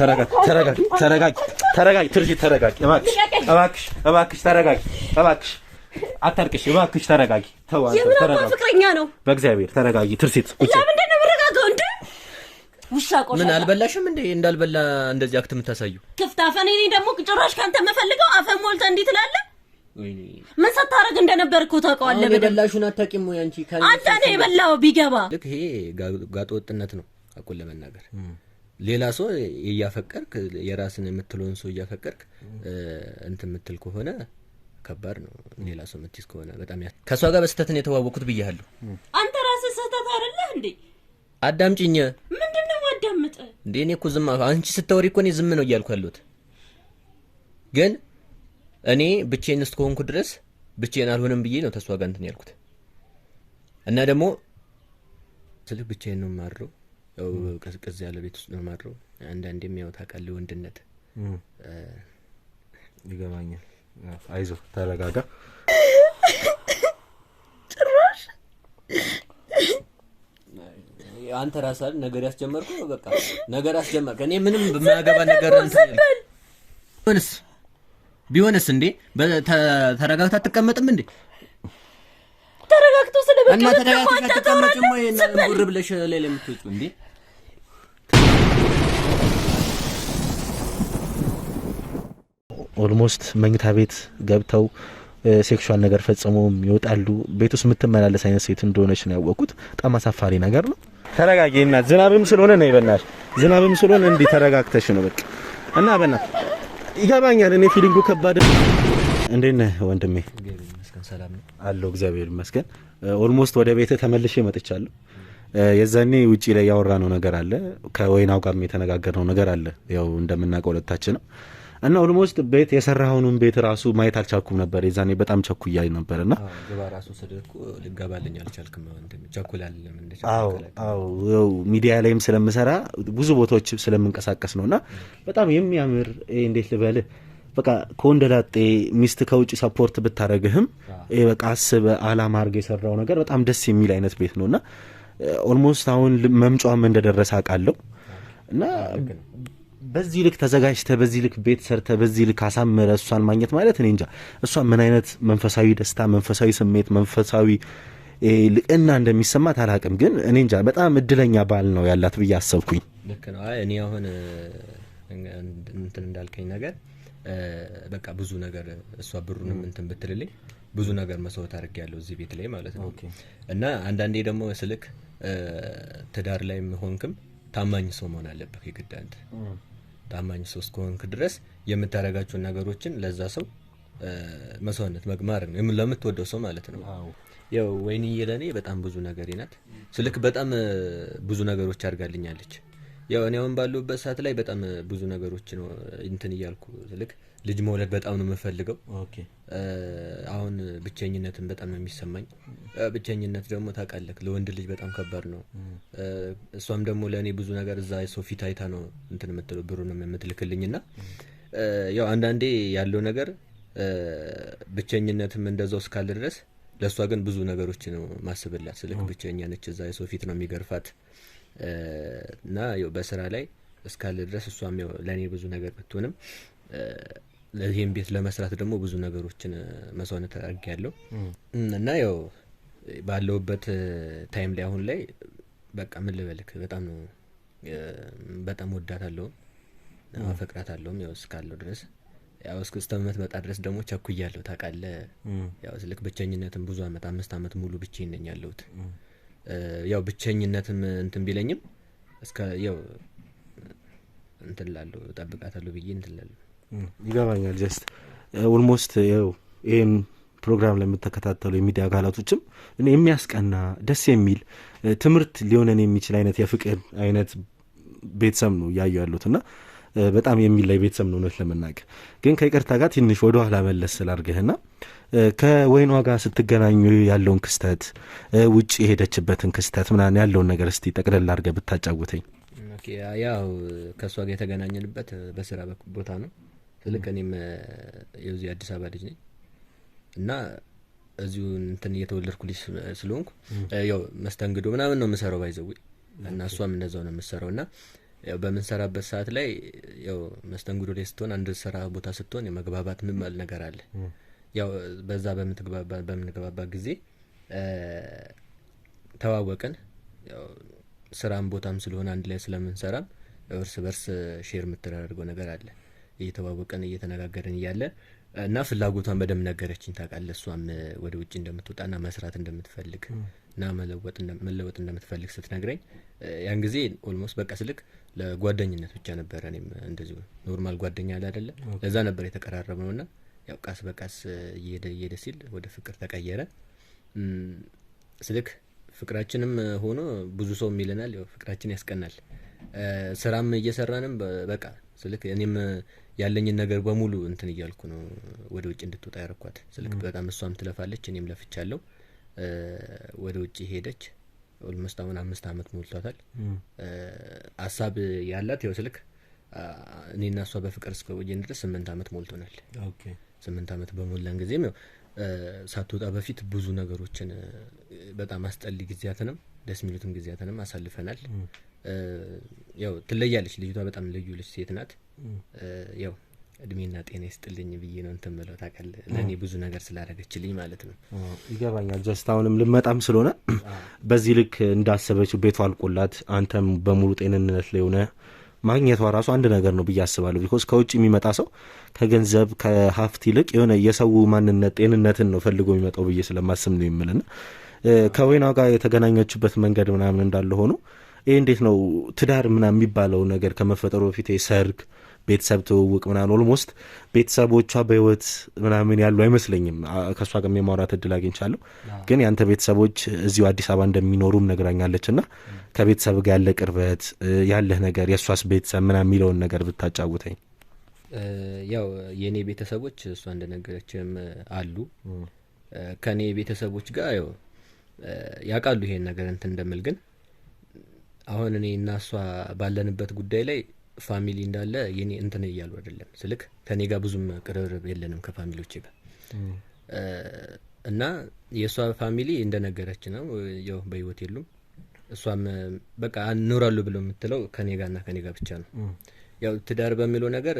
ተረጋጊ፣ ተረጋጊ፣ ተረጋጊ፣ ተረጋጊ። ትርሲት ተረጋጊ፣ እባክሽ፣ እባክሽ፣ እባክሽ፣ ተረጋጊ፣ እባክሽ፣ አታልቅሽ፣ እባክሽ፣ ተረጋጊ። ተው ፍቅረኛ ነው። በእግዚአብሔር ተረጋጊ። ትርሲት ለምንድን ነው የምረጋጋው እንዴ? ውሻ ቆሻ። ምን አልበላሽም እንዴ? እንዳልበላ እንደዚህ አክት የምታሳዩ ክፍት አፈን። እኔ ደግሞ ጭራሽ ካንተ የምፈልገው አፈን ሞልተ እንዲህ ትላለህ። ምን ስታደርግ እንደነበር እኮ ታውቀዋለህ። የበላሹን አታውቂም ወይ አንቺ? አንተ ነው የበላው ቢገባ። ልክ ይሄ ጋጠወጥነት ነው አቁን ለመናገር ሌላ ሰው እያፈቀርክ የራስን የምትለውን ሰው እያፈቀርክ እንት የምትል ከሆነ ከባድ ነው። ሌላ ሰው የምትይዝ ከሆነ በጣም ያ ከእሷ ጋር በስህተት ነው የተዋወቅኩት ብያለሁ። አንተ ራስህ ስህተት አይደለህ እንዴ? አዳምጪኝ። ምንድን ነው አዳምጥ እንዴ? እኔ እኮ ዝም አንቺ ስታወሪ እኮ እኔ ዝም ነው እያልኩ ያሉት ግን እኔ ብቼን እስከሆንኩ ድረስ ብቼን አልሆንም ብዬ ነው ተስዋ እንትን ያልኩት እና ደግሞ ስልህ ብቻዬን ነው የማድረው ያው ቅዝቅዝ ያለ ቤት ውስጥ ነው ማድረው። አንዳንዴም ያው ታውቃለህ ወንድነት ይገባኛል። አይዞ ተረጋጋ። ጭራሽ አንተ ራሳል ነገር ያስጀመርኩ በቃ ነገር ያስጀመርክ። እኔ ምንም በማያገባ ነገር ቢሆንስ ቢሆንስ እንዴ ተረጋግታ አትቀመጥም እንዴ? ተረጋግቶ ስለበቀለ ተረጋግቶ ተረጋግታ አትቀመጥም ወይ? ጉር ብለሽ ሌላ የምትወጪው እንዴ? ኦልሞስት መኝታ ቤት ገብተው ሴክሹዋል ነገር ፈጽሞም ይወጣሉ። ቤት ውስጥ የምትመላለስ አይነት ሴት እንደሆነች ነው ያወቁት። በጣም አሳፋሪ ነገር ነው። ተረጋጊ እና ዝናብም ስለሆነ ነው ይበናል። ዝናብም ስለሆነ እንዲህ ተረጋግተሽ ነው በቃ እና በና ይገባኛል። እኔ ፊሊንጉ ከባድ። እንዴት ነህ ወንድሜ? አለሁ እግዚአብሔር ይመስገን። ኦልሞስት ወደ ቤት ተመልሼ መጥቻለሁ። የዛኔ ውጪ ላይ ያወራነው ነገር አለ፣ ከወይናው ጋርም የተነጋገርነው ነገር አለ። ያው እንደምናውቀው ነው እና ኦልሞስት ቤት የሰራውንም ቤት ራሱ ማየት አልቻልኩም ነበር። የዛኔ በጣም ቸኩያ ነበር እና ሚዲያ ላይም ስለምሰራ ብዙ ቦታዎች ስለምንቀሳቀስ ነው እና በጣም የሚያምር እንዴት ልበልህ በቃ ከወንደላጤ ሚስት ከውጭ ሰፖርት ብታደረግህም በቃ አስበ አላማ አርገ የሰራው ነገር በጣም ደስ የሚል አይነት ቤት ነው እና ኦልሞስት አሁን መምጫም እንደደረሰ አውቃለሁ እና በዚህ ልክ ተዘጋጅተ በዚህ ልክ ቤት ሰርተ በዚህ ልክ አሳምረ እሷን ማግኘት ማለት እኔ እንጃ እሷ ምን አይነት መንፈሳዊ ደስታ፣ መንፈሳዊ ስሜት፣ መንፈሳዊ ልቅና እንደሚሰማት አላቅም። ግን እኔ እንጃ በጣም እድለኛ ባል ነው ያላት ብዬ አሰብኩኝ። ልክ ነው። አይ እኔ አሁን እንትን እንዳልከኝ ነገር በቃ ብዙ ነገር እሷ ብሩንም እንትን ብትልልኝ ብዙ ነገር መስዋዕት አድርግ ያለው እዚህ ቤት ላይ ማለት ነው። እና አንዳንዴ ደግሞ ስልክ ትዳር ላይ ሆንክም ታማኝ ሰው መሆን አለብህ የግድ ታማኝ ሰው እስከሆንክ ድረስ የምታደርጋቸውን ነገሮችን ለዛ ሰው መስዋዕትነት መግማር ነው፣ ለምትወደው ሰው ማለት ነው። ያው ወይንዬ ለእኔ በጣም ብዙ ነገሬ ናት። ስልክ በጣም ብዙ ነገሮች አድርጋልኛለች። ያው እኔ አሁን ባለሁበት ሰዓት ላይ በጣም ብዙ ነገሮች ነው እንትን እያልኩ ስልክ ልጅ መውለድ በጣም ነው የምፈልገው። አሁን ብቸኝነትን በጣም ነው የሚሰማኝ። ብቸኝነት ደግሞ ታቃለክ ለወንድ ልጅ በጣም ከባድ ነው። እሷም ደግሞ ለእኔ ብዙ ነገር እዛ የሰው ፊት አይታ ነው እንትን የምትለው ነው የምትልክልኝ ና ያው አንዳንዴ ያለው ነገር ብቸኝነትም እንደዛው እስካለ ድረስ ለእሷ ግን ብዙ ነገሮች ነው ማስብላት። ስልክ ብቸኛ ነች፣ እዛ የሰው ፊት ነው የሚገርፋት እና በስራ ላይ እስካለ ድረስ እሷም ለእኔ ብዙ ነገር ብትሆንም ይህን ቤት ለመስራት ደግሞ ብዙ ነገሮችን መስዋዕትነት ያለው እና ያው ባለውበት ታይም ላይ አሁን ላይ በቃ ምን ልበልክ በጣም ነው በጣም ወዳት አለውም አፈቅራት አለውም ያው እስካለው ድረስ ያው እስከ መጣ ድረስ ደግሞ ቸኩያለሁ ታውቃለህ። ያው ስልክ ብቸኝነትም ብዙ አመት አምስት አመት ሙሉ ብቻዬን ነኝ ያለሁት። ያው ብቸኝነትም እንትን ቢለኝም እስከ ያው እንትን ላለሁ እጠብቃታለሁ ብዬ እንትን ላለሁ ይገባኛል። ጀስት ኦልሞስት ው ይህን ፕሮግራም ላይ ለምተከታተሉ የሚዲያ አካላቶችም የሚያስቀና ደስ የሚል ትምህርት ሊሆነን የሚችል አይነት የፍቅር አይነት ቤተሰብ ነው እያዩ ያሉት እና በጣም የሚል ላይ ቤተሰብ ነው እውነት ለመናገር ግን ከይቅርታ ጋር ትንሽ ወደ ኋላ መለስ ስላርገህና ከወይኗ ጋር ስትገናኙ ያለውን ክስተት ውጭ የሄደችበትን ክስተት ምናምን ያለውን ነገር እስቲ ጠቅለል ላርገ ብታጫውተኝ። ያው ከእሷ ጋር የተገናኘንበት በስራ ቦታ ነው። ትልቅ እኔም የዚህ አዲስ አበባ ልጅ ነኝ እና እዚሁ እንትን እየተወለድኩ ልጅ ስለሆንኩ ያው መስተንግዶ ምናምን ነው የምሰራው ባይዘዊ እና እሷም እንደዛው ነው የምሰራው እና በምንሰራበት ሰዓት ላይ ያው መስተንግዶ ላይ ስትሆን አንድ ስራ ቦታ ስትሆን የመግባባት ምንባል ነገር አለ። ያው በዛ በምንግባባት ጊዜ ተዋወቅን። ያው ስራም ቦታም ስለሆነ አንድ ላይ ስለምንሰራም እርስ በርስ ሼር የምትደራርገው ነገር አለ። እየተዋወቀን እየተነጋገርን እያለ እና ፍላጎቷን በደንብ ነገረችኝ። ታውቃለህ እሷም ወደ ውጭ እንደምትወጣና መስራት እንደምትፈልግ እና መለወጥ እንደምትፈልግ ስትነግረኝ ያን ጊዜ ኦልሞስት በቃ ስልክ ለጓደኝነት ብቻ ነበረ። እኔም እንደዚሁ ኖርማል ጓደኛ ያለ አደለ፣ ለዛ ነበር የተቀራረብ ነው ና ያው ቃስ በቃስ እየሄደ እየሄደ ሲል ወደ ፍቅር ተቀየረ። ስልክ ፍቅራችንም ሆኖ ብዙ ሰው ይለናል፣ ያው ፍቅራችን ያስቀናል። ስራም እየሰራንም በቃ ስልክ እኔም ያለኝን ነገር በሙሉ እንትን እያልኩ ነው ወደ ውጭ እንድትወጣ ያረኳት። ስልክ በጣም እሷም ትለፋለች፣ እኔም ለፍቻለሁ። ወደ ውጭ ሄደች። ኦልሞስት አሁን አምስት አመት ሞልቷታል። ሀሳብ ያላት ያው ስልክ እኔና እሷ በፍቅር እስከ ወጀን ድረስ ስምንት አመት ሞልቶናል። ስምንት አመት በሞላን ጊዜም ያው ሳትወጣ በፊት ብዙ ነገሮችን በጣም አስጠሊ ጊዜያትንም ደስ የሚሉትም ጊዜያትንም አሳልፈናል። ያው ትለያለች ልጅቷ በጣም ልዩ ልጅ ሴት ናት። ያው እድሜና ጤና ይስጥልኝ ብዬ ነው እንትን ምለው ለእኔ ብዙ ነገር ስላደረገችልኝ ማለት ነው። ይገባኛል። ጀስት አሁንም ልመጣም ስለሆነ በዚህ ልክ እንዳሰበችው ቤቷ አልቆላት አንተም በሙሉ ጤንነት ላይ ሆነ ማግኘቷ ራሱ አንድ ነገር ነው ብዬ አስባለሁ። ቢኮዝ ከውጭ የሚመጣ ሰው ከገንዘብ ከሀፍት ይልቅ የሆነ የሰው ማንነት ጤንነትን ነው ፈልጎ የሚመጣው ብዬ ስለማስብ ነው የምልና ከወይና ጋር የተገናኘችበት መንገድ ምናምን እንዳለ ሆኖ ይሄ እንዴት ነው ትዳር ምና የሚባለው ነገር ከመፈጠሩ በፊት ሰርግ፣ ቤተሰብ ትውውቅ ምናምን ኦልሞስት ቤተሰቦቿ በህይወት ምናምን ያሉ አይመስለኝም። ከእሷ ጋር የማውራት እድል አግኝቻለሁ፣ ግን ያንተ ቤተሰቦች እዚሁ አዲስ አበባ እንደሚኖሩም ነግራኛለች። እና ከቤተሰብ ጋር ያለ ቅርበት ያለህ ነገር የእሷስ ቤተሰብ ምና የሚለውን ነገር ብታጫውተኝ። ያው የእኔ ቤተሰቦች እሷ እንደነገረችም አሉ ከእኔ ቤተሰቦች ጋር ያው ያውቃሉ ይሄን ነገር እንትን እንደምል ግን አሁን እኔ እና እሷ ባለንበት ጉዳይ ላይ ፋሚሊ እንዳለ የኔ እንትን እያሉ አይደለም ስልክ ከኔ ጋር ብዙም ቅርርብ የለንም ከፋሚሊዎች ጋር እና የእሷ ፋሚሊ እንደነገረች ነው ያው በህይወት የሉም። እሷም በቃ እኖራሉ ብሎ የምትለው ከኔ ጋርና ከኔ ጋር ብቻ ነው። ያው ትዳር በሚለው ነገር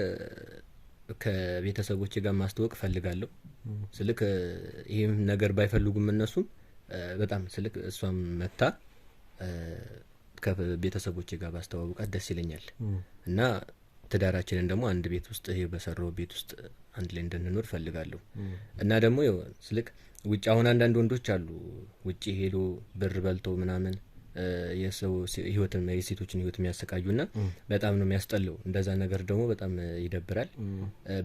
ከቤተሰቦች ጋር ማስተወቅ ፈልጋለሁ። ስልክ ይህም ነገር ባይፈልጉም እነሱም በጣም ስልክ እሷም መታ ከቤተሰቦች ጋር ባስተዋውቃት ደስ ይለኛል እና ትዳራችንን ደግሞ አንድ ቤት ውስጥ ይሄ በሰራው ቤት ውስጥ አንድ ላይ እንድንኖር ፈልጋለሁ እና ደግሞ ስልክ ውጭ አሁን አንዳንድ ወንዶች አሉ ውጭ ሄዶ ብር በልቶ ምናምን የሰው ህይወትን የሴቶችን ህይወት የሚያሰቃዩና በጣም ነው የሚያስጠለው እንደዛ ነገር ደግሞ በጣም ይደብራል።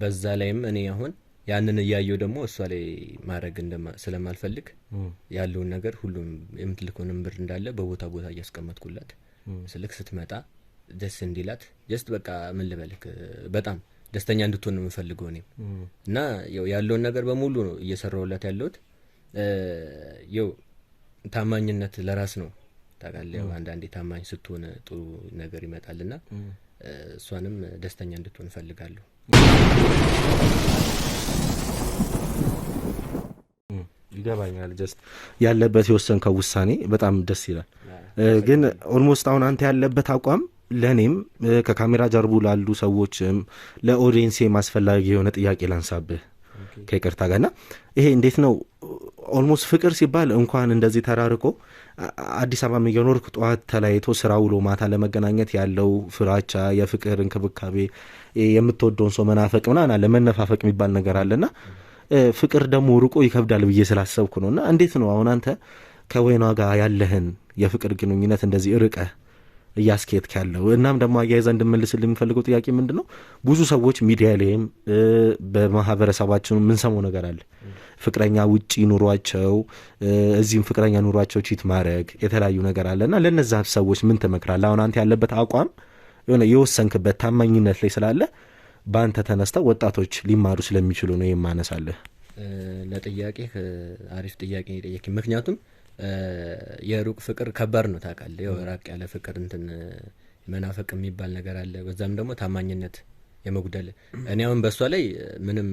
በዛ ላይም እኔ አሁን ያንን እያየው ደግሞ እሷ ላይ ማድረግ ስለማልፈልግ ያለውን ነገር ሁሉም የምትልከውንም ብር እንዳለ በቦታ ቦታ እያስቀመጥኩላት ስልክ ስትመጣ ደስ እንዲላት ጀስት በቃ ምን ልበልክ በጣም ደስተኛ እንድትሆን የምፈልገው እኔም እና ው ያለውን ነገር በሙሉ ነው እየሰራውላት ያለሁት። ው ታማኝነት ለራስ ነው ታቃለ አንዳንዴ ታማኝ ስትሆን ጥሩ ነገር ይመጣልና እሷንም ደስተኛ እንድትሆን እፈልጋለሁ። ይገባኛል። ጀስት ያለበት የወሰንከው ውሳኔ በጣም ደስ ይላል። ግን ኦልሞስት አሁን አንተ ያለበት አቋም ለእኔም ከካሜራ ጀርቡ ላሉ ሰዎችም ለኦዲየንሴም ማስፈላጊ የሆነ ጥያቄ ላንሳብህ ከይቅርታ ጋር ና ይሄ እንዴት ነው ኦልሞስት ፍቅር ሲባል እንኳን እንደዚህ ተራርቆ አዲስ አበባ የሚኖርክ ጠዋት ተለያይቶ ስራ ውሎ ማታ ለመገናኘት ያለው ፍራቻ፣ የፍቅር እንክብካቤ፣ የምትወደውን ሰው መናፈቅ ምናምን አለ መነፋፈቅ የሚባል ነገር አለና ፍቅር ደግሞ ርቆ ይከብዳል ብዬ ስላሰብኩ ነው። እና እንዴት ነው አሁን አንተ ከወይኗ ጋር ያለህን የፍቅር ግንኙነት እንደዚህ ርቀ እያስኬት ያለው? እናም ደግሞ አያይዘ እንድመልስል የሚፈልገው ጥያቄ ምንድን ነው? ብዙ ሰዎች ሚዲያ ላይም በማህበረሰባችን የምንሰማው ነገር አለ። ፍቅረኛ ውጪ ኑሯቸው፣ እዚህም ፍቅረኛ ኑሯቸው ቺት ማድረግ የተለያዩ ነገር አለ እና ለእነዛ ሰዎች ምን ትመክራለህ? አሁን አንተ ያለበት አቋም የሆነ የወሰንክበት ታማኝነት ላይ ስላለ በአንተ ተነስተው ወጣቶች ሊማሩ ስለሚችሉ ነው የማነሳለህ። ለጥያቄ አሪፍ ጥያቄ ጠየቅ። ምክንያቱም የሩቅ ፍቅር ከባድ ነው ታውቃለህ። ያው ራቅ ያለ ፍቅር እንትን መናፈቅ የሚባል ነገር አለ። በዛም ደግሞ ታማኝነት የመጉደል እኔ አሁን በእሷ ላይ ምንም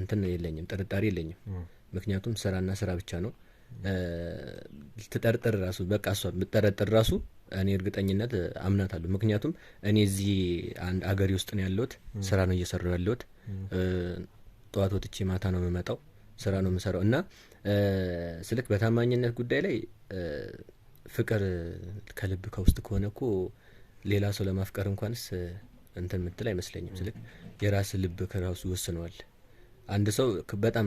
እንትን የለኝም፣ ጥርጣሬ የለኝም። ምክንያቱም ስራና ስራ ብቻ ነው። ትጠርጥር ራሱ በቃ እሷ ብጠረጥር ራሱ እኔ እርግጠኝነት አምናታለሁ። ምክንያቱም እኔ እዚህ አንድ አገሪ ውስጥ ነው ያለሁት፣ ስራ ነው እየሰራሁ ያለሁት። ጠዋት ወጥቼ ማታ ነው የምመጣው፣ ስራ ነው የምሰራው እና ስልክ በታማኝነት ጉዳይ ላይ ፍቅር ከልብ ከውስጥ ከሆነ እኮ ሌላ ሰው ለማፍቀር እንኳንስ እንትን የምትል አይመስለኝም። ስልክ የራስ ልብ ከራሱ ወስነዋል። አንድ ሰው በጣም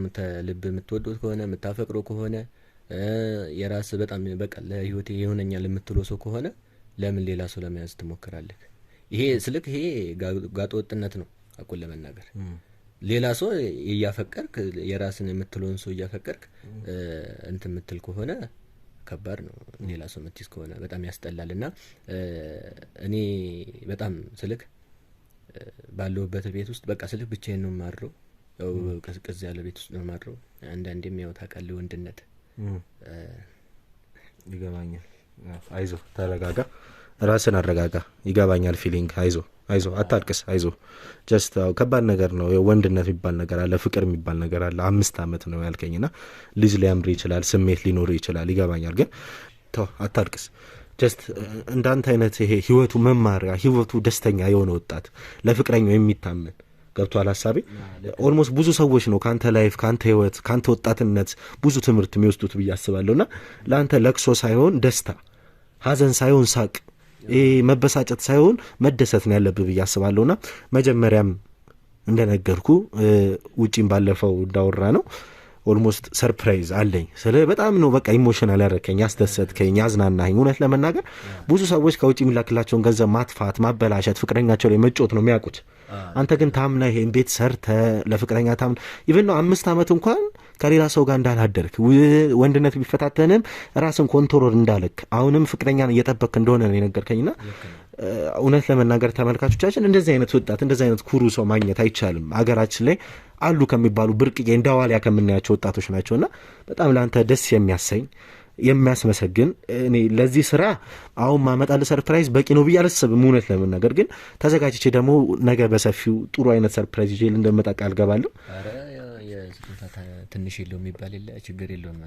ልብ የምትወዱት ከሆነ የምታፈቅረው ከሆነ የራስ በጣም በቃ ለህይወቴ ይሆነኛል የምትለው ሰው ከሆነ ለምን ሌላ ሰው ለመያዝ ትሞክራለህ? ይሄ ስልክ ይሄ ጋጦ ወጥነት ነው አቁን ለመናገር ሌላ ሰው እያፈቀርክ የራስን የምትለውን ሰው እያፈቀርክ እንት የምትል ከሆነ ከባድ ነው። ሌላ ሰው የምትይዝ ከሆነ በጣም ያስጠላል። እና እኔ በጣም ስልክ ባለሁበት ቤት ውስጥ በቃ ስልክ ብቻዬን ነው የማድረው። ቅዝቅዝ ያለ ቤት ውስጥ ነው የማድረው። አንዳንዴም ያው ታውቃለህ ወንድነት ይገባኛል። አይዞ ተረጋጋ፣ ራስን አረጋጋ። ይገባኛል ፊሊንግ። አይዞ አይዞ፣ አታልቅስ። አይዞ ጀስት ከባድ ነገር ነው። ወንድነት የሚባል ነገር አለ፣ ፍቅር የሚባል ነገር አለ። አምስት አመት ነው ና ልጅ ሊያምር ይችላል፣ ስሜት ሊኖር ይችላል። ይገባኛል። ግን ተው፣ አታልቅስ። ጀስት እንዳንተ አይነት ይሄ ህይወቱ መማሪያ ህይወቱ ደስተኛ የሆነ ወጣት ለፍቅረኛው የሚታመን ገብቷል ሀሳቤ። ኦልሞስት ብዙ ሰዎች ነው ከአንተ ላይፍ ከአንተ ህይወት ከአንተ ወጣትነት ብዙ ትምህርት የሚወስዱት ብዬ አስባለሁ። ና ለአንተ ለቅሶ ሳይሆን ደስታ፣ ሀዘን ሳይሆን ሳቅ፣ መበሳጨት ሳይሆን መደሰት ነው ያለብህ ብዬ አስባለሁ። ና መጀመሪያም እንደነገርኩ ውጪም ባለፈው እንዳወራ ነው ኦልሞስት ሰርፕራይዝ አለኝ ስለ በጣም ነው በቃ ኢሞሽናል ያደረከኝ፣ ያስደሰትከኝ፣ ያዝናናኝ። እውነት ለመናገር ብዙ ሰዎች ከውጭ የሚላክላቸውን ገንዘብ ማጥፋት፣ ማበላሸት፣ ፍቅረኛቸው ላይ መጮት ነው የሚያውቁት። አንተ ግን ታምነ ይሄን ቤት ሰርተ ለፍቅረኛ ታምና ኢቨን ነው አምስት ዓመት እንኳን ከሌላ ሰው ጋር እንዳላደርክ ወንድነት ቢፈታተንም ራስን ኮንትሮል እንዳለክ አሁንም ፍቅረኛን እየጠበክ እንደሆነ ነው የነገርከኝና እውነት ለመናገር ተመልካቾቻችን እንደዚህ አይነት ወጣት እንደዚህ አይነት ኩሩ ሰው ማግኘት አይቻልም። ሀገራችን ላይ አሉ ከሚባሉ ብርቅዬ እንደ ዋሊያ ከምናያቸው ወጣቶች ናቸውና በጣም ለአንተ ደስ የሚያሰኝ የሚያስመሰግን እኔ ለዚህ ስራ አሁን ማመጣል ሰርፕራይዝ በቂ ነው ብዬ አላስብም። እውነት ለመናገር ግን ተዘጋጅቼ ደግሞ ነገ በሰፊው ጥሩ አይነት ሰርፕራይዝ ይዤ እንደምመጣ ቃል ገባለሁ። ስጦታ ትንሽ የለው የሚባል የለ፣ ችግር የለውም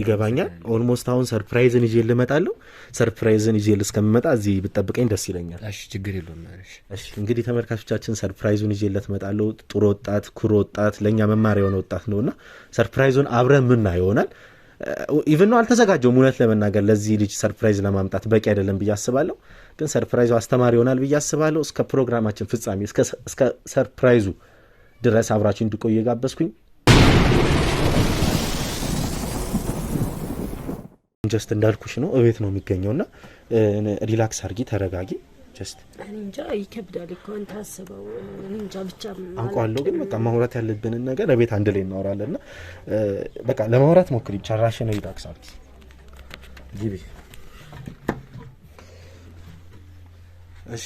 ይገባኛል። ኦልሞስት አሁን ሰርፕራይዝን ይዤ ልመጣለሁ። ሰርፕራይዝን ይዤ ልስከምመጣ እዚህ ብጠብቀኝ ደስ ይለኛል። እሺ፣ ችግር የለውም። እሺ፣ እንግዲህ ተመልካቾቻችን ሰርፕራይዙን ይዤ ልመጣለሁ። ጥሩ ወጣት፣ ኩሩ ወጣት፣ ለእኛ መማሪያ የሆነ ወጣት ነውና ሰርፕራይዙን አብረን ምና ይሆናል ኢቨን ነው አልተዘጋጀውም። እውነት ለመናገር ለዚህ ልጅ ሰርፕራይዝ ለማምጣት በቂ አይደለም ብዬ አስባለሁ። ግን ሰርፕራይዙ አስተማሪ ይሆናል ብዬ አስባለሁ። እስከ ፕሮግራማችን ፍጻሜ እስከ ሰርፕራይዙ ድረስ አብራችሁ እንድቆዩ የጋበዝኩኝ ጀስት እንዳልኩሽ ነው። እቤት ነው የሚገኘው ና ሪላክስ አርጊ፣ ተረጋጊ። ጀስት እንጃ ይከብዳል እኮ አንተ አስበው። እንጃ ብቻ አውቃለሁ፣ ግን በቃ ማውራት ያለብንን ነገር እቤት አንድ ላይ እናወራለን ና በቃ ለማውራት ሞክሪ ብቻ። ራሽን ሪላክስ አርጊ፣ ግቢ እሺ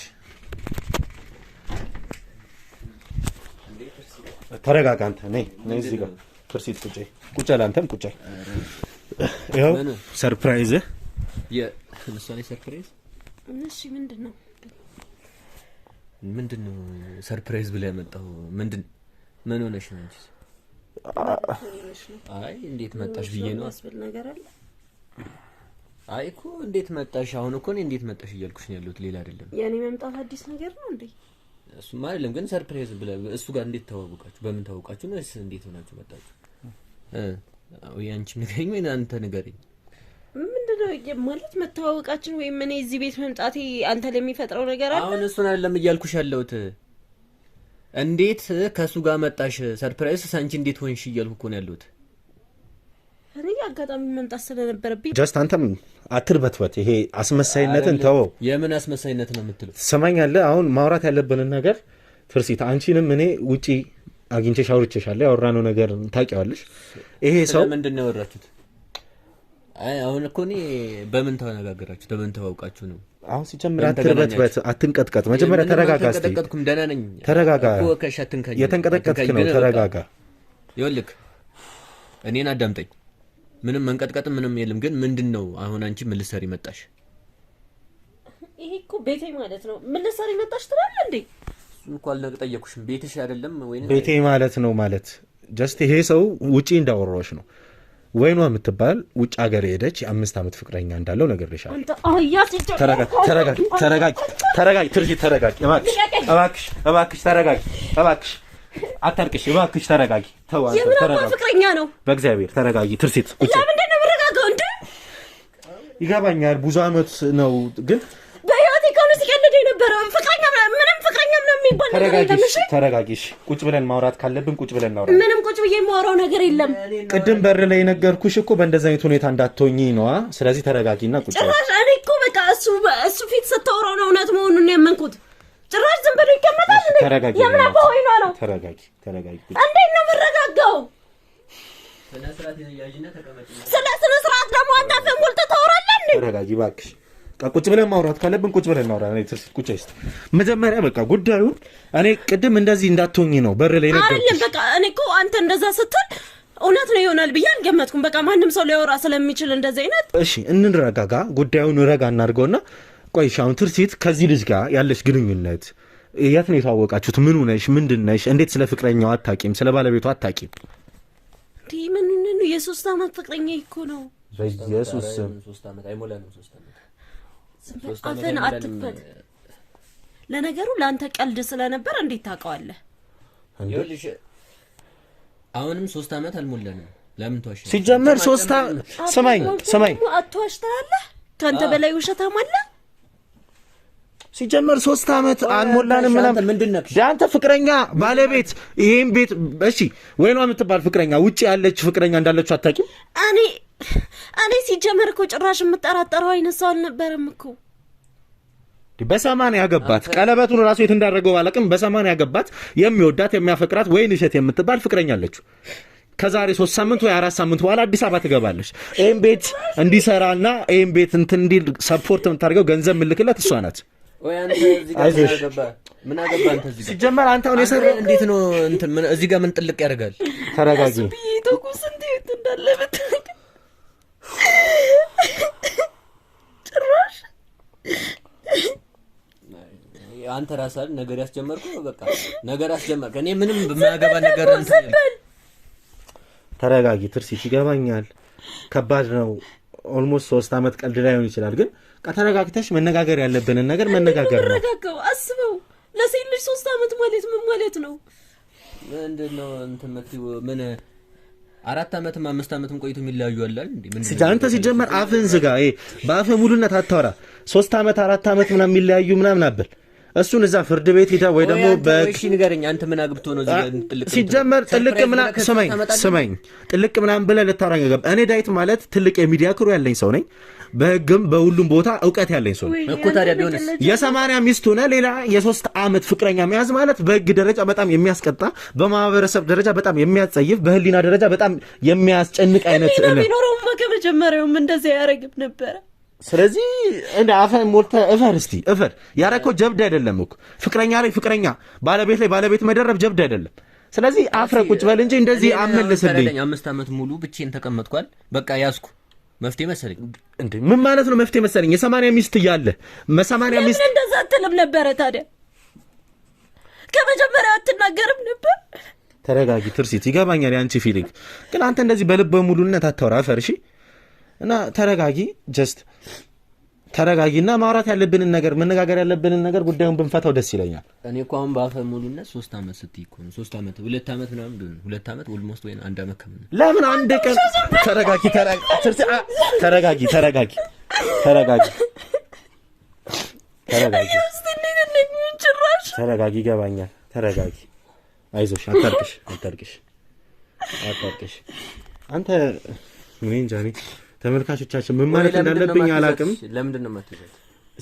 ተረጋጋ። አንተ ነይ ነይ፣ እዚህ ጋር ኩርሲት ቁጭ ቁጭ። አንተም ቁጭ። ይኸው ሰርፕራይዝ የምሳሌ ሰርፕራይዝ። እሺ፣ ምንድን ነው ምንድን ነው ሰርፕራይዝ ብለህ ያመጣው? ምንድን ምን ሆነሽ ነው? አንቺ አይ እንዴት መጣሽ ብዬ ነው። ነገር አለ አይ እኮ እንዴት መጣሽ? አሁን እኮ እኔ እንዴት መጣሽ እያልኩሽ ነው ያለሁት፣ ሌላ አይደለም። የእኔ መምጣት አዲስ ነገር ነው እንዴ? እሱማ አይደለም ግን ሰርፕራይዝ ብለህ እሱ ጋር እንዴት ተዋወቃችሁ? በምን ተዋወቃችሁ? ነስ እንዴት ሆናችሁ መጣችሁ? እ ያንቺ ንገሪኝ ወይ አንተ ንገሪኝ። ምንድነው ማለት መተዋወቃችን ወይም እኔ እዚህ ቤት መምጣቴ አንተ ለሚፈጥረው ነገር አለ? አሁን እሱን አይደለም እያልኩሽ ያለሁት። እንዴት ከእሱ ጋር መጣሽ? ሰርፕራይዝ ሳንቺ እንዴት ሆንሽ እያልኩ እኮ ነው ያለሁት። አጋጣሚ መምጣት ስለነበረብኝ ጀስት አንተም አትርበትበት። ይሄ አስመሳይነትን ተወው። የምን አስመሳይነት ነው የምትለው? ትሰማኛለህ? አሁን ማውራት ያለብንን ነገር ፍርሲት፣ አንቺንም እኔ ውጪ አግኝቼሽ አውርቼሻለሁ። ያወራነው ነገር ታውቂዋለሽ። ይሄ ሰው ምንድን ነው ያወራችሁት? አሁን እኮ እኔ በምን ተነጋገራችሁ? በምን ተዋውቃችሁ ነው? አሁን ሲጀምር አትርበትበት፣ አትንቀጥቀጥ። መጀመሪያ ተረጋጋ። አልተንቀጠቀጥኩም፣ ደህና ነኝ። ተረጋጋ። የተንቀጠቀጥክ ነው። ተረጋጋ። ይኸውልህ እኔን አዳምጠኝ። ምንም መንቀጥቀጥም ምንም የለም። ግን ምንድን ነው አሁን አንቺ ምን ልትሰሪ መጣሽ? ይሄ እኮ ቤቴ ማለት ነው። ምን ልትሰሪ መጣሽ ትላለህ እንዴ? እሱን እኮ አልጠየኩሽም። ቤትሽ አይደለም ወይ? ቤቴ ማለት ነው ማለት ጀስት ይሄ ሰው ውጪ እንዳወራዎች ነው። ወይኗ የምትባል ውጭ ሀገር የሄደች የአምስት ዓመት ፍቅረኛ እንዳለው ነግሬሻለሁ። ተረጋጊ፣ ተረጋጊ፣ ተረጋጊ፣ ተረጋጊ፣ እባክሽ፣ እባክሽ፣ እባክሽ፣ ተረጋጊ፣ እባክሽ አታልቅሽ እባክሽ፣ ተረጋጊ። ፍቅረኛ ነው። በእግዚአብሔር ተረጋጊ። ትርሴት ለምንድን ነው የምረጋጋው? እንደ ይገባኛል፣ ብዙ አመት ነው ግን በህይወቴ ከሆነ ሲቀልድ የነበረው ፍቅረኛ ምንም ፍቅረኛ ነው የሚባል ነገር ተረጋጊሽ። ቁጭ ብለን ማውራት ካለብን ቁጭ ብለን እናውራ። ምንም ቁጭ ብዬ የማወራው ነገር የለም። ቅድም በር ላይ የነገርኩሽ እኮ በእንደዚህ አይነት ሁኔታ እንዳትሆኚ ነዋ። ስለዚህ ተረጋጊና ቁጭ ጭራሽ እኔ እኮ በቃ እሱ ፊት ስታወራው ነው እውነት መሆኑን ያመንኩት። ጭራሽ ዝም ብሎ ይቀመጣል? የምን አባ ሆይ ነው አለው። ተረጋጊ ተረጋጊ። እንዴት ነው የምረጋጋው? ስነ ስርዓት ደግሞ አንዳፈ ሞልተ ታወራለህ ተረጋጊ እባክሽ። ቁጭ ብለን ማውራት ካለብን ቁጭ ብለን እናውራ። ትርስት ቁጭ አይስት መጀመሪያ በቃ ጉዳዩን እኔ ቅድም እንደዚህ እንዳትሆኝ ነው በር ላይ ነበር አይደለም። በቃ እኔ እኮ አንተ እንደዛ ስትል እውነት ነው ይሆናል ብዬ አልገመትኩም። በቃ ማንም ሰው ሊያወራ ስለሚችል እንደዚህ አይነት እሺ፣ እንረጋጋ። ጉዳዩን ረጋ እናድርገውና ቆይ አሁን ትርሲት ከዚህ ልጅ ጋር ያለች ግንኙነት የት ነው የተዋወቃችሁት? ምኑ ነሽ? ምንድን ነሽ? እንዴት ስለ ፍቅረኛው አታቂም? ስለ ባለቤቱ አታቂም? ምንኑ የሶስት ዓመት ፍቅረኛ እኮ ነው። በኢየሱስ አፈን አትክፈት። ለነገሩ ለአንተ ቀልድ ስለነበር እንዴት ታውቀዋለህ? አሁንም ሶስት ዓመት አልሞላንም። ለምን ተዋሽ? ሲጀመር ሶስት ስማኝ ስማኝ አትዋሽ ትላለህ። ከአንተ በላይ ውሸታም አለ። ሲጀመር ሶስት ዓመት አልሞላንም። የአንተ ፍቅረኛ ባለቤት ይህም ቤት እሺ፣ ወይኗ የምትባል ፍቅረኛ ውጭ ያለች ፍቅረኛ እንዳለችው አታውቂም። እኔ እኔ ሲጀመር እኮ ጭራሽ የምጠራጠረው አይነት ሰው አልነበረም እኮ በሰማንያ ያገባት ቀለበቱን ራሱ የት እንዳደረገው ባላቅም በሰማንያ ያገባት የሚወዳት የሚያፈቅራት ወይን እሸት የምትባል ፍቅረኛ አለችው። ከዛሬ ሶስት ሳምንት ወይ አራት ሳምንት በኋላ አዲስ አበባ ትገባለች። ይህም ቤት እንዲሰራና ይህም ቤት እንትን እንዲል ሰፖርት የምታደርገው ገንዘብ ምልክለት እሷ ናት። ሲጀመር አንተ አሁን የሰራ እንዴት ነው? እዚህ ጋር ምን ጥልቅ ያደርጋል? ተረጋጊ። አንተ ራሳል ነገር ያስጀመርኩ በቃ ነገር አስጀመርክ። እኔ ምንም የማያገባ ነገር ተረጋጊ። ትርሲት ይገባኛል፣ ከባድ ነው። ኦልሞስት ሶስት አመት ቀልድ ላይሆን ይችላል ግን ተረጋግተሽ መነጋገር ያለብንን ነገር መነጋገር ነው። ረጋጋው አስበው፣ ለሴት ልጅ ሶስት ዓመት ማለት ምን ማለት ነው? ምንድን ነው እንትን መክሪው ምን አራት ዓመትም አምስት ዓመትም ቆይቶ የሚለያዩ አላል አንተ ሲጀመር አፍህን ዝጋ። በአፍ ሙሉነት አታወራ። ሶስት ዓመት አራት ዓመት ምናምን የሚለያዩ ምናም ናበል። እሱን እዛ ፍርድ ቤት ሂዳ ወይ ደግሞ ንገረኝ። አንተ ምን አግብቶ ነው ሲጀመር ጥልቅ ምና ስመኝ ስመኝ ጥልቅ ምናም ብለህ ልታረጋገብ እኔ ዳዊት ማለት ትልቅ የሚዲያ ክሩ ያለኝ ሰው ነኝ። በህግም በሁሉም ቦታ እውቀት ያለኝ ሰው እኮ። ታዲያ ቢሆንስ የሰማንያ ሚስት ሆነ ሌላ የሶስት ዓመት ፍቅረኛ መያዝ ማለት በህግ ደረጃ በጣም የሚያስቀጣ፣ በማህበረሰብ ደረጃ በጣም የሚያጸይፍ፣ በህሊና ደረጃ በጣም የሚያስጨንቅ አይነት ቢኖረውም ከመጀመሪያውም እንደዚያ ያደረግም ነበረ። ስለዚህ እንደ አፈ ሞልተ እፈር እስቲ እፈር። ያረኮ ጀብድ አይደለም እኮ ፍቅረኛ ላይ ፍቅረኛ፣ ባለቤት ላይ ባለቤት መደረብ ጀብድ አይደለም። ስለዚህ አፍረ ቁጭ በል እንጂ እንደዚህ አመልስልኝ። አምስት ዓመት ሙሉ ብቼን ተቀመጥኳል። በቃ ያዝኩ መፍትሄ መሰለኝ እንዴ? ምን ማለት ነው መፍትሄ መሰለኝ? የሰማንያ ሚስት እያለ መሰማንያ ሚስት እንደዛ አትልም ነበረ? ታዲያ ከመጀመሪያ አትናገርም ነበር? ተረጋጊ ትርሲት፣ ይገባኛል የአንቺ ፊሊንግ፣ ግን አንተ እንደዚህ በልበ ሙሉነት አታውራ ፈርሺ እና ተረጋጊ ጀስት ተረጋጊና ማውራት ያለብንን ነገር መነጋገር ያለብንን ነገር ጉዳዩን ብንፈታው ደስ ይለኛል። እኔ እኮ አሁን በአፈ ሙሉነት ሶስት ዓመት ስትይ እኮ ነው። ሶስት ዓመት ሁለት ዓመት ምናምን ቢሆን ሁለት ዓመት ኦልሞስት ወይ አንድ ዓመት ከምን ለምን አንድ ቀን ተረጋጊ፣ ተረጋጊ፣ ተረጋጊ፣ ተረጋጊ፣ ተረጋጊ፣ ተረጋጊ። ይገባኛል። ተረጋጊ፣ አይዞሽ፣ አታርቅሽ፣ አታርቅሽ፣ አታርቅሽ። አንተ ምን እንጃ እኔ ተመልካቾቻችን ምን ማለት እንዳለብኝ አላቅም። ለምንድን ነው የማትይዘው?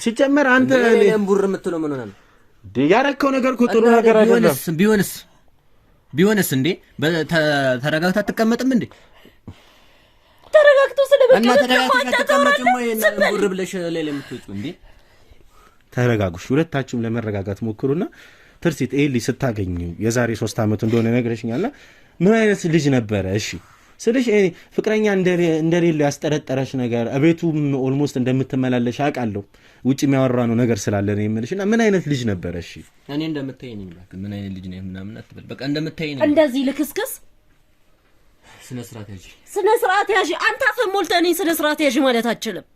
ሲጨመር አንተ ቡር የምትለው ምን ሆነ ነው ያረከው ነገር እኮ ጥሩ ነገር አይደለም። ቢሆንስ ቢሆንስ እንዴ ተረጋግታ አትቀመጥም እንዴ? ተረጋግቶ ስለበቀለ ቡር ብለሽ ሌላ የምትወጪው እንዴ? ተረጋጉሽ፣ ሁለታችሁም ለመረጋጋት ሞክሩና ትርሲት ይሄ ስታገኝ የዛሬ ሶስት ዓመት እንደሆነ ነግረሽኛልና ምን አይነት ልጅ ነበረ? እሺ ስልሽ ፍቅረኛ እንደሌለ ያስጠረጠረሽ ነገር ቤቱ ኦልሞስት እንደምትመላለሽ አውቃለሁ። ውጭ የሚያወራ ነው ነገር ስላለ ነው የምልሽ። እና ምን አይነት ልጅ ነበረ? እሺ እኔ እንደምታይ ነኝ። ምን አይነት ልጅ ነው ምናምን አትበል። በቃ እንደምታይ ነኝ። እንደዚህ ልክስክስ ስነ ስርዓት ያዥ፣ ስነ ስርዓት ያዥ። አንተ አፈ ሞልተህ እኔን ስነ ስርዓት ያዥ ማለት አችልም።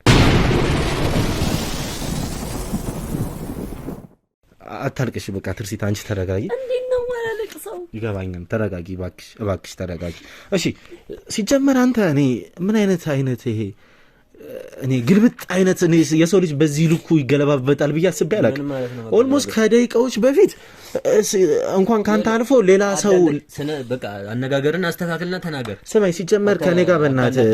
አታልቅሽ። በቃ ትርሲት፣ አንቺ ተረጋጊ። እንዴት ነው ማላለቅ ሰው ይገባኛል። ተረጋጊ እባክሽ፣ እባክሽ ተረጋጊ። እሺ፣ ሲጀመር አንተ እኔ ምን አይነት አይነት ይሄ እኔ ግልብጥ አይነት የሰው ልጅ በዚህ ልኩ ይገለባበጣል ብዬ አስቤ አላውቅም። ኦልሞስት ከደቂቃዎች በፊት እንኳን ካንተ አልፎ ሌላ ሰው አነጋገርን አስተካክልና ተናገር። ስማኝ፣ ሲጀመር ከኔ ጋር በእናትህ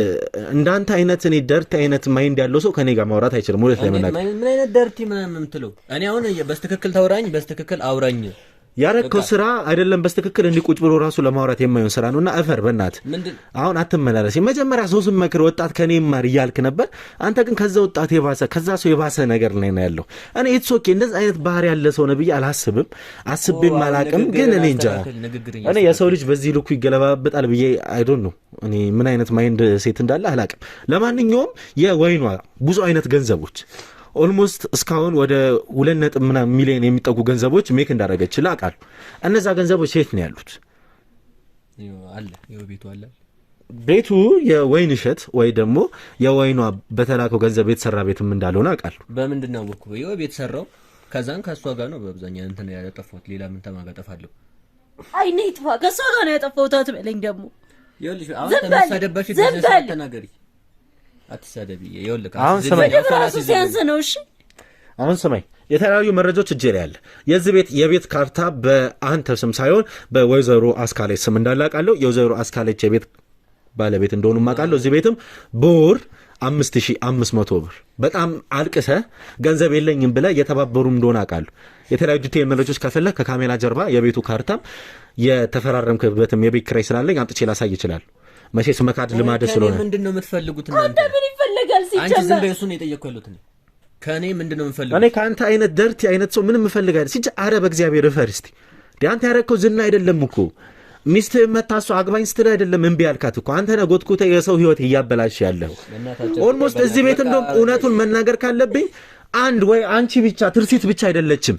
እንዳንተ አይነት እኔ ደርቲ አይነት ማይንድ ያለው ሰው ከኔ ጋር ማውራት አይችልም። ሁለት ለመናገር ምን አይነት ደርቲ ምናምን የምትለው እኔ አሁን በስትክክል ተውራኝ፣ በስትክክል አውራኝ ያረከው ስራ አይደለም በስትክክል እንዲቁጭ ብሎ ራሱ ለማውራት የማይሆን ስራ ነው እና እፈር በናት አሁን አትመላለስ። መጀመሪያ ሰው ስመክር ወጣት ከኔ ይማር እያልክ ነበር። አንተ ግን ከዛ ወጣት የባሰ ከዛ ሰው የባሰ ነገር ላይ ነው ያለው። እኔ ኢትስ ኦኬ እንደዚህ አይነት ባህር ያለ ሰው ነው ብዬ አላስብም፣ አስቤም አላቅም። ግን እኔ እንጃ እኔ የሰው ልጅ በዚህ ልኩ ይገለባበጣል ብዬ አይዶን ነው እኔ ምን አይነት ማይንድ ሴት እንዳለ አላቅም። ለማንኛውም የወይኗ ብዙ አይነት ገንዘቦች ኦልሞስት እስካሁን ወደ ሁለት ነጥብ ምናምን ሚሊዮን የሚጠጉ ገንዘቦች ሜክ እንዳደረገች አውቃለሁ። እነዛ ገንዘቦች የት ነው ያሉት? ቤቱ የወይን እሸት ወይ ደግሞ የወይኗ በተላከው ገንዘብ የተሰራ ቤትም እንዳልሆነ አውቃለሁ። በምንድን ነው ወኩ ቤት ሰራው? ከዛን ከእሷ ጋር ነው በአብዛኛ እንትን ያጠፋሁት። ሌላ ምን ተማጋ ጠፋለሁ? አይ እኔ ጥፋ ከእሷ ጋር ነው ያጠፋሁት አትበለኝ ደግሞ። ይኸውልሽ አሁን ተመሳደበሽ ተናገሪ አትሳደብ። ይኸውልህ እራሱ ነው። እሺ አሁን ስማኝ፣ የተለያዩ መረጃዎች እጄ ላይ ያለ የዚህ ቤት የቤት ካርታ በአንተ ስም ሳይሆን በወይዘሮ አስካሌች ስም እንዳለ የወይዘሮ አስካሌች የቤት ባለቤት እንደሆኑ ማቃለሁ እዚህ ቤትም በወር አምስት ሺህ አምስት መቶ ብር በጣም አልቅሰ ገንዘብ የለኝም ብለ የተባበሩ እንደሆነ አቃሉ የተለያዩ ዲቴል መረጃዎች ከፈለ ከካሜራ ጀርባ የቤቱ ካርታም የተፈራረምክበትም የቤት ክራይ ስላለኝ አምጥቼ ላሳይ ይችላል። መቼስ መካድ ልማድ ስለሆነ ምንድን ነው የምትፈልጉት? አንተ ምን ይፈለጋል? አንቺ ዝም በይ። እሱን የጠየቅኩ ያሉት እኔ ከእኔ ምንድን ነው የምፈልጉት? እኔ ከአንተ አይነት ደርቲ አይነት ሰው ምንም እፈልጋለሁ ሲጀ አረ በእግዚአብሔር እፈር እስቲ። አንተ ያረግከው ዝና አይደለም እኮ ሚስት መታሱ አግባኝ ስትል አይደለም እምቢ ያልካት እኮ አንተ ነህ። ጎትኩተህ የሰው ህይወት እያበላሽ ያለው ኦልሞስት እዚህ ቤት እንደውም እውነቱን መናገር ካለብኝ አንድ ወይ አንቺ ብቻ ትርሲት ብቻ አይደለችም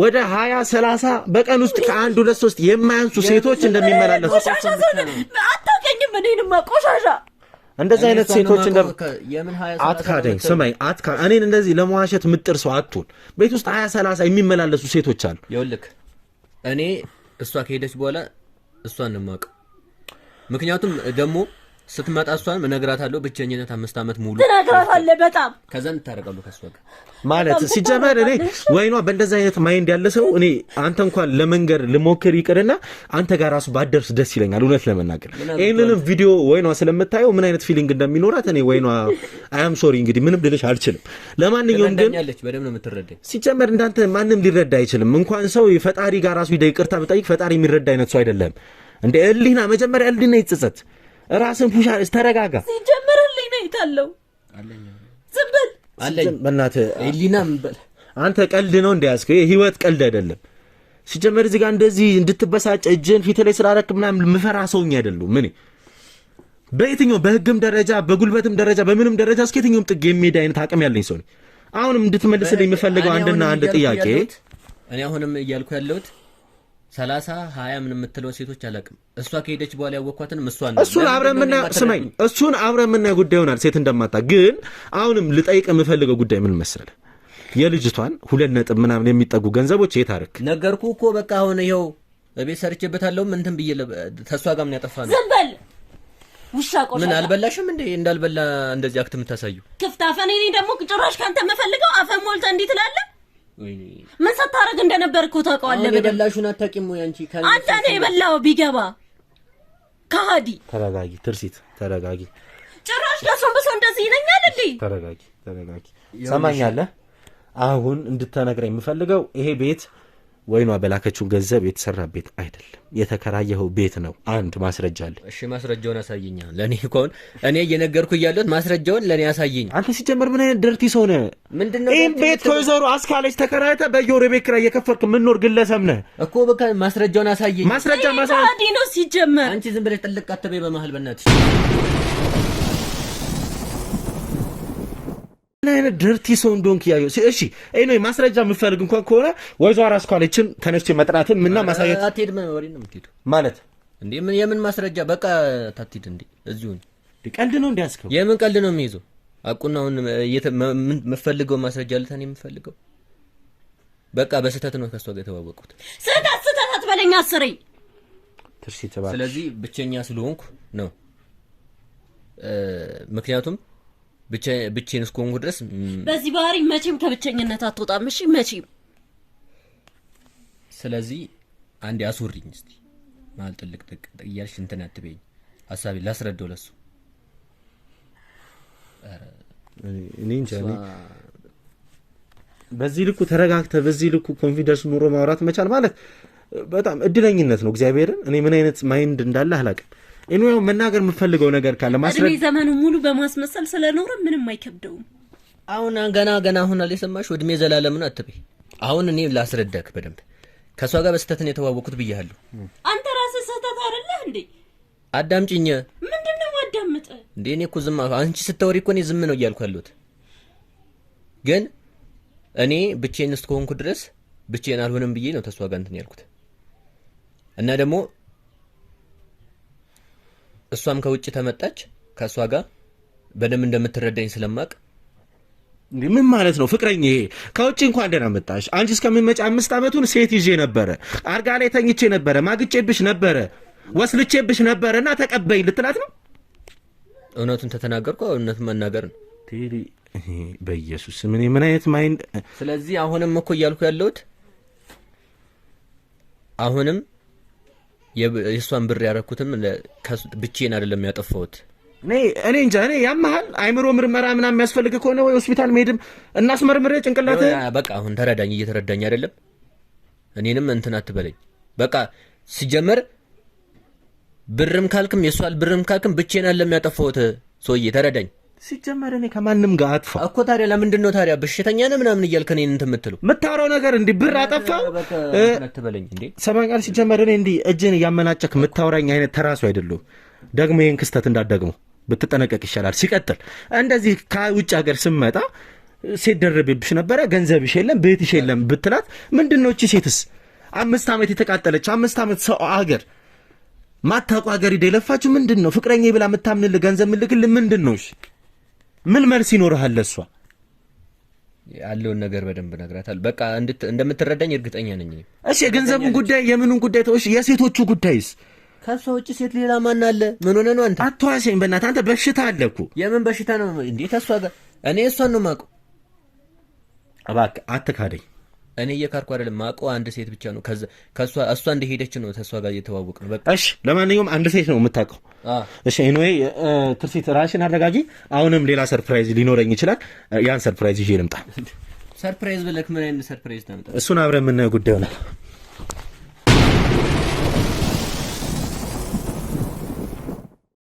ወደ ሀያ ሰላሳ በቀን ውስጥ ከአንድ ሁለት ሶስት የማያንሱ ሴቶች እንደሚመላለሱ አታውቀኝም። እኔንማ ቆሻሻ እንደዚህ አይነት ሴቶች አትካደኝ፣ ስማኝ አትካ እኔን እንደዚህ ለመዋሸት ምጥር ሰው አትሁን። ቤት ውስጥ ሀያ ሰላሳ የሚመላለሱ ሴቶች አሉ። ይኸውልህ እኔ እሷ ከሄደች በኋላ እሷ እንማቅ ምክንያቱም ደግሞ ስትመጣ እሷን እነግራታለሁ። ብቸኝነት አምስት ዓመት ሙሉ ትነግራታለህ። በጣም ከዛን ታረቃሉ ከእሷ ጋር ማለት ሲጀመር እኔ ወይኗ በእንደዚህ አይነት ማይንድ ያለ ሰው እኔ አንተ እንኳን ለመንገር ልሞክር ይቅርና አንተ ጋር ራሱ ባደርስ ደስ ይለኛል፣ እውነት ለመናገር ይህንንም ቪዲዮ ወይኗ ስለምታየው ምን አይነት ፊሊንግ እንደሚኖራት እኔ ወይኗ አያም ሶሪ እንግዲህ ምንም ልልሽ አልችልም። ለማንኛውም ግን ሲጀመር እንዳንተ ማንም ሊረዳ አይችልም። እንኳን ሰው ፈጣሪ ጋር ራሱ ይቅርታ ብጠይቅ ፈጣሪ የሚረዳ አይነት ሰው አይደለም። እንደ እሊና መጀመሪያ እሊና ይጽጸት ራስን ፑሻ ተረጋጋ። ሲጀምርልኝ ነው የታለው? ዝም በል በእናትህ ሊና በል አንተ። ቀልድ ነው እንዳያስከው የህይወት ቀልድ አይደለም። ሲጀመር እዚህ ጋር እንደዚህ እንድትበሳጭ እጅን ፊት ላይ ስላረክ ምናምን ምፈራ ሰውኝ አይደሉም። ምን በየትኛው በህግም ደረጃ በጉልበትም ደረጃ በምንም ደረጃ እስከ የትኛውም ጥግ የሚሄድ አይነት አቅም ያለኝ ሰው ነኝ። አሁንም እንድትመልስልኝ የምፈልገው አንድና አንድ ጥያቄ እኔ አሁንም እያልኩ ያለሁት ሰላሳ ሀያ ምን የምትለው ሴቶች አላውቅም። እሷ ከሄደች በኋላ ያወቅኳትን እሷን እሱን አብረ የምናየው ስመኝ እሱን አብረ የምናየው ጉዳይ ይሆናል። ሴት እንደማታ ግን አሁንም ልጠይቅ የምፈልገው ጉዳይ ምን መሰለህ? የልጅቷን ሁለት ነጥብ ምናምን የሚጠጉ ገንዘቦች የት አርክ? ነገርኩ እኮ በቃ አሁን ይኸው ቤት ሰርቼበታለሁ። እንትን ብዬ ተሷ ጋር ምን ያጠፋ ነው? ዝም በል ውሻ ቆሻ። ምን አልበላሽም እንዴ? እንዳልበላ እንደዚህ አክት የምታሳዩ ክፍት አፈን። እኔ ደግሞ ጭራሽ ከአንተ የምፈልገው አፈን ሞልተ እንዲህ ትላለህ ምን ስታረግ እንደነበር እኮ ታውቀዋለህ። የበላሹን አታውቂም ወይ አንቺ? አንተ ነው የበላው ቢገባ። ከሀዲ ተረጋጊ፣ ትርሲት ተረጋጊ። ጭራሽ ለሱም ብሶ እንደዚህ ይለኛል እንዴ? ተረጋጊ፣ ተረጋጊ። ሰማኛለህ? አሁን እንድትነግረኝ የምፈልገው ይሄ ቤት ወይኗ በላከችው ገንዘብ የተሰራ ቤት አይደለም፣ የተከራየኸው ቤት ነው። አንድ ማስረጃ አለ። እሺ ማስረጃውን አሳይኛ። ለእኔ ከሆን እኔ እየነገርኩ እያለሁት ማስረጃውን ለእኔ አሳይኝ። አንተ ሲጀመር ምን አይነት ደርቲ ሰው ነህ? ምንድነው ይህም ቤት ከወይዘሮ አስካለች ተከራይተ በየወሩ ቤት ኪራይ እየከፈልክ የምኖር ግለሰብ ነህ እኮ። በቃ ማስረጃውን አሳይኝ። ማስረጃ ማሳ ነው ሲጀመር። አንቺ ዝም ብለሽ ጥልቅ አትበይ በመሀል በእናትሽ ምን አይነት ደርቲ ሰው እንደሆንክ እያየሁ። እሺ ነው ማስረጃ የምፈልግ እንኳን ከሆነ ወይዞ አራስ ኳሌችን ተነስቼ መጥራትን ምና ማሳየት ማለት የምን ማስረጃ በቃ ታትሂድ እንዴ? እዚሁ ቀልድ ነው እንዲያስከው የምን ቀልድ ነው የሚይዘው? አቁና አሁን የምፈልገው ማስረጃ ልተን የምፈልገው በቃ በስህተት ነው ከሷ ጋር የተዋወቁት። ስህተት ስህተት አትበለኝ አስሬ። ስለዚህ ብቸኛ ስለሆንኩ ነው ምክንያቱም ብቼን እስከሆንኩ ድረስ በዚህ ባህሪ መቼም ከብቸኝነት አትወጣም። እሺ መቼም። ስለዚህ አንድ አስወሪኝ እስቲ መሀል ጥልቅ ጥቅ እያልሽ እንትን አትበይኝ። ሀሳቤ ላስረዳው ለሱ እኔ እንጃ በዚህ ልኩ ተረጋግተህ በዚህ ልኩ ኮንፊደንስ ኑሮ ማውራት መቻል ማለት በጣም እድለኝነት ነው። እግዚአብሔርን እኔ ምን አይነት ማይንድ እንዳለ አላውቅም። እኔው መናገር የምፈልገው ነገር ካለ ማስረድ ዘመኑ ሙሉ በማስመሰል ስለኖረ ምንም አይከብደውም። አሁን ገና ገና አሁን አልሰማሽ እድሜ ዘላለም ነው አትበይ። አሁን እኔ ላስረዳክ በደንብ ከእሷ ጋር በስህተትን ነው የተዋወቅኩት ብያለሁ። አንተ ራስ ስህተት አይደለህ እንዴ? አዳምጪኝ። ምንድን ነው አዳምጥ እንዴ? እኔ እኮ ዝም አንቺ ስታወሪ እኮ እኔ ዝም ነው እያልኩ ያለሁት ግን እኔ ብቼን እስከሆንኩ ድረስ ብቼን አልሆንም ብዬ ነው ተስዋ እንትን ያልኩት እና ደግሞ እሷም ከውጭ ተመጣች ከእሷ ጋር በደንብ እንደምትረዳኝ ስለማቅ እንዲህ ምን ማለት ነው ፍቅረኝ? ይሄ ከውጭ እንኳን ደህና መጣሽ። አንቺ እስከምመጪ አምስት ዓመቱን ሴት ይዤ ነበረ፣ አርጋ ላይ ተኝቼ ነበረ፣ ማግጬብሽ ነበረ፣ ወስልቼብሽ ነበረ እና ተቀበይ ልትላት ነው? እውነቱን ተተናገርኩ እውነት መናገር ነው በኢየሱስ ምን ምን አይነት ማይንድ። ስለዚህ አሁንም እኮ እያልኩ ያለሁት አሁንም የእሷን ብር ያረኩትም ብቼን አይደለም ያጠፋሁት። እኔ እንጃ እኔ ያመሃል አይምሮ ምርመራ ምናምን የሚያስፈልግ ከሆነ ወይ ሆስፒታል መሄድም እናስመርምሬ ጭንቅላት በቃ አሁን ተረዳኝ፣ እየተረዳኝ አይደለም። እኔንም እንትን አትበለኝ። በቃ ሲጀመር ብርም ካልክም የእሷል ብርም ካልክም ብቼን አይደለም ያጠፋሁት። ሰውዬ ተረዳኝ። ሲጀመር እኔ ከማንም ጋር አጥፋ እኮ ታዲያ ለምንድን ነው ታዲያ በሽተኛ ነህ ምናምን እያልክ እኔን እንትን የምትለው የምታወራው ነገር እንዲህ ብር አጠፋው ትበለኝ ቃል ሲጀመር እኔ እንዲህ እጅን እያመናጨክ የምታወራኝ አይነት ተራሱ አይደለሁም ደግሞ ይህን ክስተት እንዳትደግሞ ብትጠነቀቅ ይሻላል ሲቀጥል እንደዚህ ከውጭ ሀገር ስመጣ ሴት ደረቤብሽ ነበረ ገንዘብሽ የለም ቤትሽ የለም ብትላት ምንድን ነው እቺ ሴትስ አምስት ዓመት የተቃጠለች አምስት ዓመት ሰው አገር ማታውቁ ሀገር ሂዳ የለፋችሁ ምንድን ነው ፍቅረኛ ብላ የምታምንል ገንዘብ ምልክል ምንድን ነው ምን መልስ ይኖርሃል ለሷ? ያለውን ነገር በደንብ ነግራታል። በቃ እንደምትረዳኝ እርግጠኛ ነኝ። እሺ፣ የገንዘቡን ጉዳይ የምኑን ጉዳይ ተወሽ፣ የሴቶቹ ጉዳይስ ከሷ ውጭ ሴት ሌላ ማን አለ? ምን ሆነ ነው አንተ? አትዋሸኝ በእናትህ አንተ በሽታ አለ እኮ። የምን በሽታ ነው እንዴ? ከሷ ጋር እኔ እሷን ነው የማውቀው። እባክህ አትካደኝ። እኔ እየካርኩ አይደለም ማውቀው አንድ ሴት ብቻ ነው። ከእሷ እሷ እንደሄደች ነው ተሷ ጋር እየተዋወቅ ነው። በቃ እሺ፣ ለማንኛውም አንድ ሴት ነው የምታውቀው። እሺ፣ ኤኒዌይ ትርፊት ራሽን አረጋጊ። አሁንም ሌላ ሰርፕራይዝ ሊኖረኝ ይችላል። ያን ሰርፕራይዝ ይዤ ልምጣ። ሰርፕራይዝ ብለህ ምን አይነት ሰርፕራይዝ ታመጣ? እሱን አብረን የምናየው ጉዳይ ሆናል።